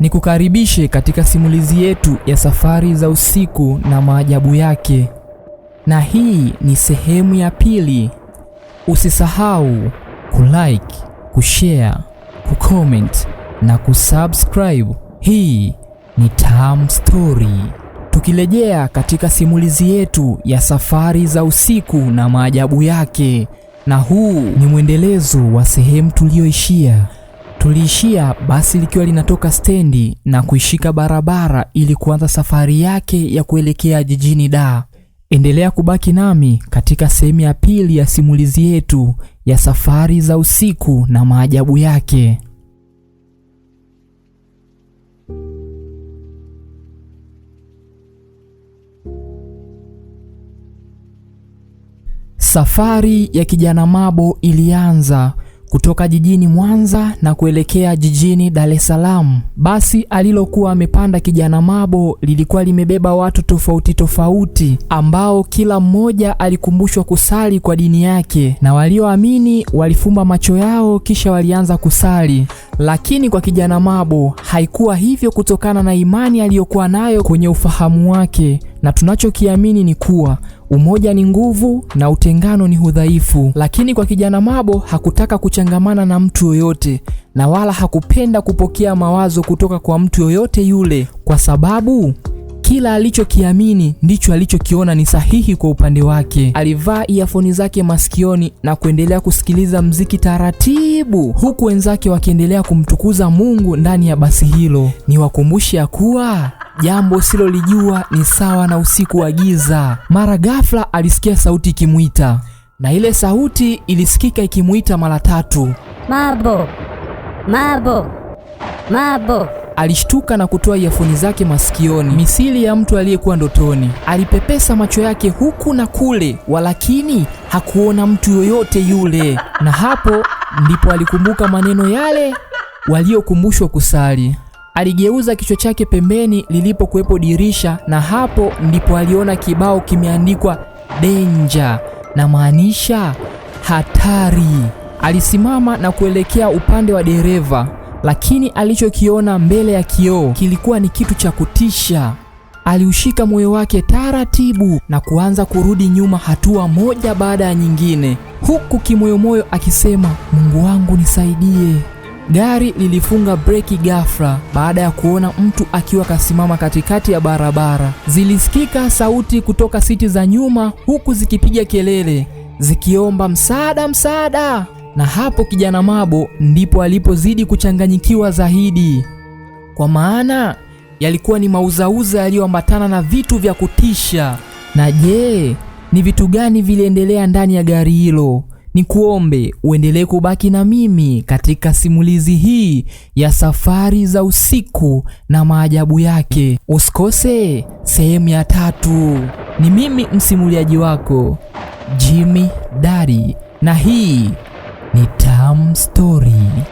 Nikukaribishe katika simulizi yetu ya safari za usiku na maajabu yake, na hii ni sehemu ya pili. Usisahau kulike, kushare, kucomment na kusubscribe. Hii ni Tamu Story. Tukirejea katika simulizi yetu ya safari za usiku na maajabu yake, na huu ni mwendelezo wa sehemu tuliyoishia. Tuliishia basi likiwa linatoka stendi na kuishika barabara ili kuanza safari yake ya kuelekea jijini Dar. Endelea kubaki nami katika sehemu ya pili ya simulizi yetu ya safari za usiku na maajabu yake. Safari ya kijana Mabo ilianza kutoka jijini Mwanza na kuelekea jijini Dar es Salaam. Basi alilokuwa amepanda kijana Mabo lilikuwa limebeba watu tofauti tofauti ambao kila mmoja alikumbushwa kusali kwa dini yake, na walioamini walifumba macho yao kisha walianza kusali. Lakini kwa kijana Mabo haikuwa hivyo kutokana na imani aliyokuwa nayo kwenye ufahamu wake, na tunachokiamini ni kuwa Umoja ni nguvu na utengano ni udhaifu. Lakini kwa kijana Mabo hakutaka kuchangamana na mtu yoyote na wala hakupenda kupokea mawazo kutoka kwa mtu yoyote yule, kwa sababu kila alichokiamini ndicho alichokiona ni sahihi kwa upande wake. Alivaa iafoni zake masikioni na kuendelea kusikiliza mziki taratibu, huku wenzake wakiendelea kumtukuza Mungu ndani ya basi hilo. Niwakumbushe ya kuwa jambo silolijua ni sawa na usiku wa giza. Mara ghafla alisikia sauti ikimwita, na ile sauti ilisikika ikimwita mara tatu, Mabo, Mabo, Mabo. Alishtuka na kutoa iafoni zake masikioni, misili ya mtu aliyekuwa ndotoni. Alipepesa macho yake huku na kule, walakini hakuona mtu yoyote yule, na hapo ndipo alikumbuka maneno yale waliokumbushwa kusali. Aligeuza kichwa chake pembeni lilipokuwepo dirisha, na hapo ndipo aliona kibao kimeandikwa danger, na maanisha hatari. Alisimama na kuelekea upande wa dereva, lakini alichokiona mbele ya kioo kilikuwa ni kitu cha kutisha. Aliushika moyo wake taratibu na kuanza kurudi nyuma hatua moja baada ya nyingine, huku kimoyomoyo akisema, Mungu wangu nisaidie. Gari lilifunga breki ghafla baada ya kuona mtu akiwa kasimama katikati ya barabara. Zilisikika sauti kutoka siti za nyuma huku zikipiga kelele zikiomba msaada, msaada. Na hapo kijana Mabo ndipo alipozidi kuchanganyikiwa zaidi, kwa maana yalikuwa ni mauzauza yaliyoambatana na vitu vya kutisha. Na je, ni vitu gani viliendelea ndani ya gari hilo? ni kuombe uendelee kubaki na mimi katika simulizi hii ya safari za usiku na maajabu yake. Usikose sehemu ya tatu. Ni mimi msimuliaji wako Jimmy Dari, na hii ni Tam Story.